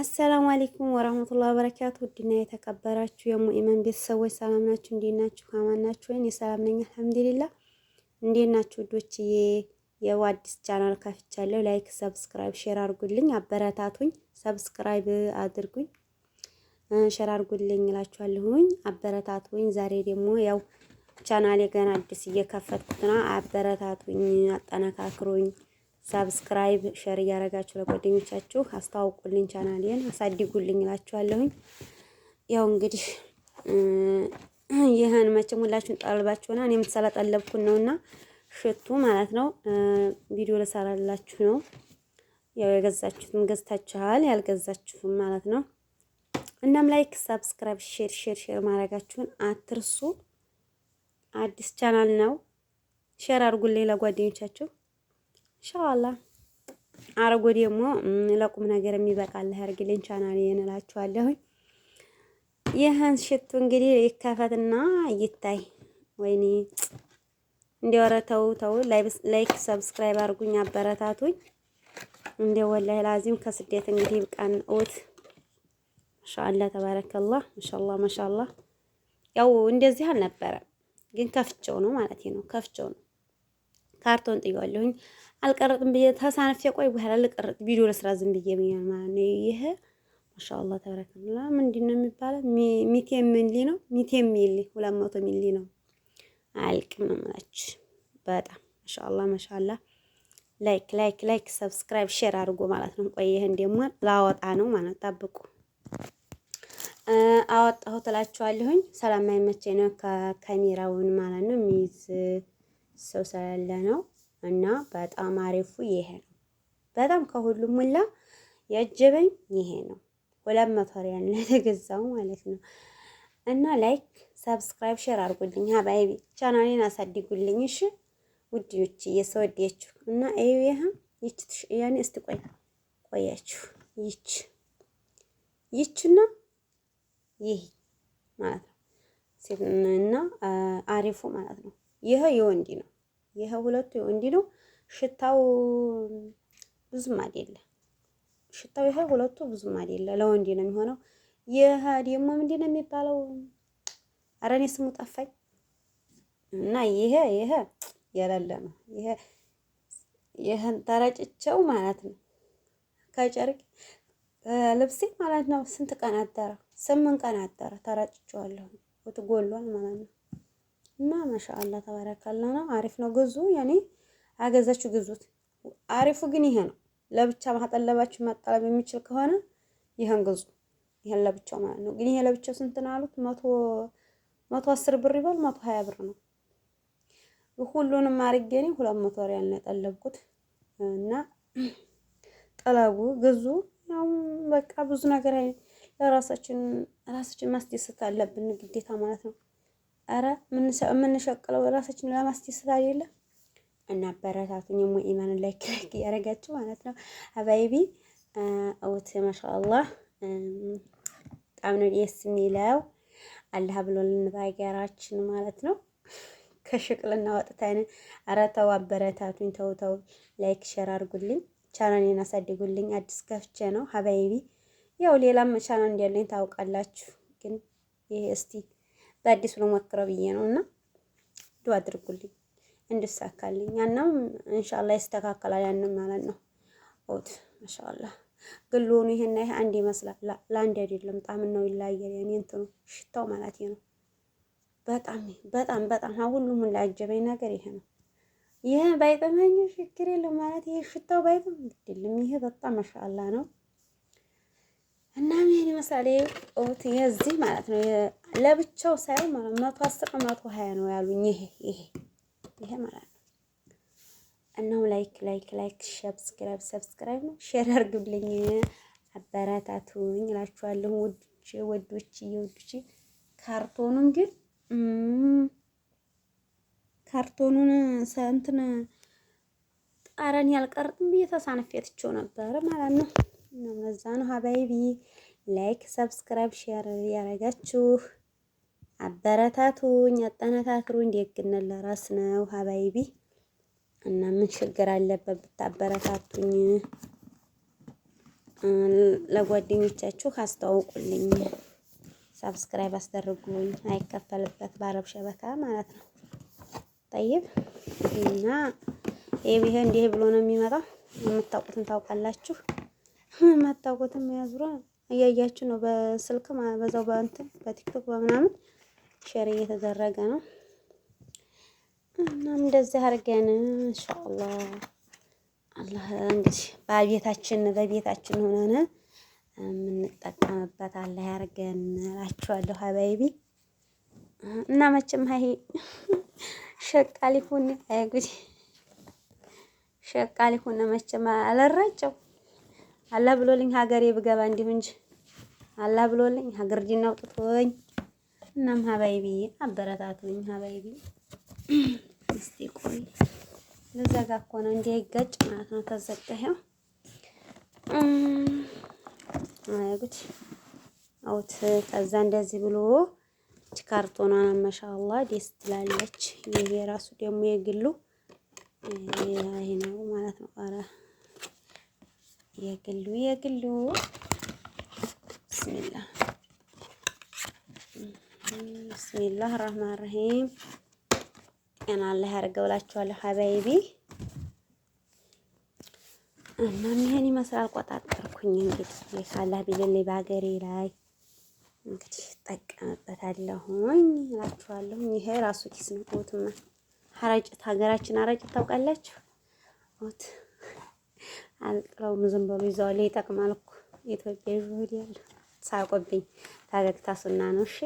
አሰላሙ አሌይኩም ወረህመቱላህ በረካቱ ውድና የተከበራችሁ የሙኢመን ቤተሰቦች ሰላም ናችሁ? እንዴት ናችሁ? ከማን ናችሁ? ወይም የሰላም ነኝ አልሐምዱሊላህ። እንዴት ናችሁ ውዶች? የው አዲስ ቻናል ከፍቻለሁ። ላይክ፣ ሰብስክራይብ፣ ሼር አድርጉልኝ፣ አበረታቱኝ። ሰብስክራይብ አድርጉኝ፣ ሼር አድርጉልኝ እላችኋለሁኝ፣ አበረታቱኝ። ዛሬ ደግሞ ያው ቻናሌ ገና አዲስ እየከፈትኩት ነው። አበረታቱኝ፣ አጠነካክሩኝ ሳብስክራይብ፣ ሸር እያደረጋችሁ ለጓደኞቻችሁ አስተዋውቁልኝ፣ ቻናሌን አሳድጉልኝ እላችኋለሁኝ። ያው እንግዲህ ይህን መቼም ሁላችሁን ጠልባችሁና እኔም ሳላጠለብኩን ነውና ሽቱ ማለት ነው ቪዲዮ ልሰራላችሁ ነው። ያው የገዛችሁትም ገዝታችኋል፣ ያልገዛችሁም ማለት ነው። እናም ላይክ፣ ሳብስክራይብ፣ ሼር ሼር ሼር ማድረጋችሁን አትርሱ። አዲስ ቻናል ነው። ሼር አድርጉልኝ ለጓደኞቻችሁ። ኢንሻአላህ አረጎ ደግሞ ለቁም ነገር የሚበቃል አርግልኝ ቻናል እላችኋለሁኝ። ይህን ሽቱ እንግዲህ ይከፈትና ይታይ። ወይኔ እንደው ተው ተው፣ ላይክ ሰብስክራይብ አርጉኝ፣ አበረታቱኝ። እንደው ወላሂ ላዚም ከስደት እንግዲህ ይብቃን። ኦት ማሻአላ ተባረከላህ፣ ማሻአላ ማሻአላ። ያው እንደዚህ አልነበረ ግን ከፍቼው ነው ማለት ነው፣ ከፍቼው ነው ካርቶን ጥያለሁኝ አልቀረጥም ብዬ ተሳነፍ ቆይ በኋላ ልቀረጥ ቪዲዮ ለስራ ዝም ብዬ ማለት ነው። ይሄ ማሻአላ ተበረከላ ምንድን ነው የሚባለው? ሚቴ ሚሊ ነው ሚቴ ሚሊ ሁለት መቶ ሚሊ ነው። አያልቅም ነው የምላችሁ። በጣም ማሻአላ ማሻአላ። ላይክ ላይክ ላይክ ሰብስክራይብ ሼር አድርጎ ማለት ነው። ቆይ ይሄን ደግሞ ላወጣ ነው ማለት ጠብቁ። አወጣሁት ትላችኋለሁኝ። ሰላም አይመቸኝ ነው ከካሜራውን ማለት ነው የሚይዝ ሰው ስለሌለ ነው። እና በጣም አሪፉ ይሄ ነው። በጣም ከሁሉም ሁላ ያጀበኝ ይሄ ነው። ሁለት መቶ ሪያል ለተገዛው ማለት ነው። እና ላይክ፣ ሰብስክራይብ፣ ሼር አድርጉልኝ። ሀባይቢ ቻናሌን አሳድጉልኝ። እሺ ውድዮች እየሰወደችሁ እና ይሄ ይሄ ይች ያኔ እስቲ ቆይ ቆያችሁ ይች ይችና ይህ ማለት ነው እና አሪፉ ማለት ነው። ይህ የወንድ ነው። ይሄ ሁለቱ እንዲህ ነው። ሽታው ብዙም አይደለ። ሽታው ይሄ ሁለቱ ብዙም አይደለ፣ ለወንድ ነው የሚሆነው። ይሄ ደግሞ ምንድን ነው የሚባለው? ኧረ እኔ ስሙ ጠፋኝ። እና ይሄ ይሄ የሌለ ነው። ይሄ ይሄን ተረጭቸው ማለት ነው ከጨርቅ ልብሴ ማለት ነው። ስንት ቀን አደረ? ስምንት ቀን አደረ። ተረጭቸዋለሁ ወት ጎሏል ማለት ነው። እና ማሻአላ ተባረካላ ነው። አሪፍ ነው። ግዙ ያኔ አገዛችሁ ግዙት። አሪፉ ግን ይሄ ነው። ለብቻ ማጠለባችሁ ማጠለብ የሚችል ከሆነ ይሄን ግዙ። ይሄን ለብቻው ማለት ነው። ግን ይሄ ለብቻው ስንት ነው አሉት? መቶ መቶ አስር ብር ይበል መቶ ሀያ ብር ነው። ሁሉንም አድርጌ እኔ ሁለት መቶ ሪያል ነው የጠለብኩት። እና ጠለቡ ግዙ። ያው በቃ ብዙ ነገር ለራሳችን ራሳችን ማስደሰት አለብን ግዴታ ማለት ነው። ኧረ የምንሸቅለው ራሳችን ለማስደሰት አይደለም። እና አበረታቱኝ ሙ ኢማን ላይ ክክ እያደረጋችሁ ማለት ነው። አባይቢ አውት ማሻአላህ በጣም ነው ደስ የሚለው። አላህ ብሎልን በሀገራችን ማለት ነው። ከሽቅልና ወጥተን ኧረ ተው አበረታቱኝ፣ ተው ተው፣ ላይክ ሼር አድርጉልኝ፣ ቻናሌን አሳድጉልኝ። አዲስ ከፍቼ ነው ሀባይቢ። ያው ሌላም ቻናል እንዳለኝ ታውቃላችሁ፣ ግን ይሄ እስቲ በአዲሱ ልሞክረው ብዬ ነው እና ዱ አድርጉልኝ እንድሳካልኝ። ያናም እንሻላ ይስተካከላል። ያንም ማለት ነው ት ማሻአላ ግን ይሄና ይሄ አንድ ይመስላል። ለአንድ አይደለም ጣም ነው ይለያያል። ያኔ እንትኑ ሽታው ማለት ነው በጣም በጣም በጣም ሁሉም ላያጀበኝ ነገር ይሄ ነው። ይሄ ባይጠመኝ ችግር የለም ማለት ይሄ ሽታው ባይጠም ግድልም ይሄ በጣም ማሻአላ ነው። እና ይሄን ይመስላል ኦት የዚህ ማለት ነው። ለብቻው ሳይሆን ማለት መቶ አስር መቶ ሀያ ነው ያሉኝ። ይሄ ይሄ ይሄ ማለት ነው። እናው ላይክ ላይክ ላይክ ሰብስክራይብ ሰብስክራይብ ነው ሼር አድርጉልኝ፣ አበረታቱኝ እላችኋለሁ። ወዶች ወዶች ወዶች ካርቶኑን ግን ካርቶኑን እንትን ጣረን ያልቀርጥም ብዬ ተሳነፌ ነበረ ማለት ነው። ነው። ለዛ ነው ሀባይቢ ላይክ፣ ሰብስክራይብ፣ ሼር ያረጋችሁ አበረታቱኝ፣ አጠነካክሩኝ። ደግነት ለራስ ነው ሀባይቢ እና ምን ችግር አለበት ብታበረታቱኝ? ለጓደኞቻችሁ አስተዋውቁልኝ፣ ሰብስክራይብ አስደርጉኝ። አይከፈልበት ባረብ ሸበካ ማለት ነው። ጠይብ እና ይህ እንዲህ ብሎ ነው የሚመጣው። የምታውቁትን ታውቃላችሁ። ማታውቁትም ያዙራ እያያችሁ ነው። በስልክ በዛው በእንትን በቲክቶክ በምናምን ሼር እየተደረገ ነው። እናም እንደዚህ አድርገን ኢንሻአላህ አላህ እንግዲህ በቤታችን በቤታችን ሆነን የምንጠቀምበት አላህ ያርገን እላችኋለሁ። ሀባይቢ እና መቼም ሀይ ሸቃሊሁን አይ ጉዲ ሸቃሊሁን መቼም አልረጨው አላህ ብሎልኝ ሀገሬ ብገባ እንዲሁ እንጂ አላህ ብሎልኝ ሀገር ዲና አውጥቶኝ። እናም ሀባይቢ አበረታቱኝ። ሀባይቢ እስቲ ቆይ ልዘጋ እኮ ነው እንዲህ ይገጭ ማለት ነው። ተዘጋኸው አይጉት አውት ከዛ እንደዚህ ብሎ እች ካርቶኗ ማሻአላ ደስ ትላለች። ይሄ ራሱ ደግሞ የግሉ ይሄ ነው ማለት ነው። አራ የግሉ የግሉ ብስሚላ ብስሚላህ ራህማን ራሂም ጤና ላይ ያርገው እላችኋለሁ ሀባይቢ እና ይሄን ይመስላል። ቆጣጠርኩኝ እንግዲህ ካላህ ቢልልኝ በሀገሬ ላይ እንግዲህ እጠቀምበታለሁኝ እላችኋለሁ። ይሄ ራሱ ኪስ ነው። ቦትማ ሀረጭት ሀገራችን አረጭት ታውቃላችሁ ቦት አልጥለውም ዝም ብሎ ይዘዋል። ይጠቅማል እኮ ኢትዮጵያ ይወድ ያለ ሳቆብኝ። ፈገግታ ሱና ነው። እሺ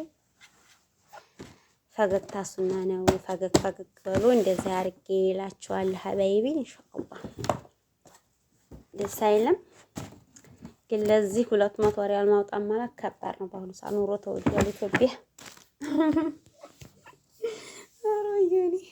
ፈገግታ ሱና ነው። ፈገግ ፈገግ በሉ። እንደዚህ አድርጌ ይላችኋል። ሀበይቢ ኢንሻአላ ደስ አይልም ግን ለዚህ ሁለት መቶ ሪያል ማውጣት ማለት ከባድ ነው። በአሁኑ ሰዓት ኑሮ ተወዷል ኢትዮጵያ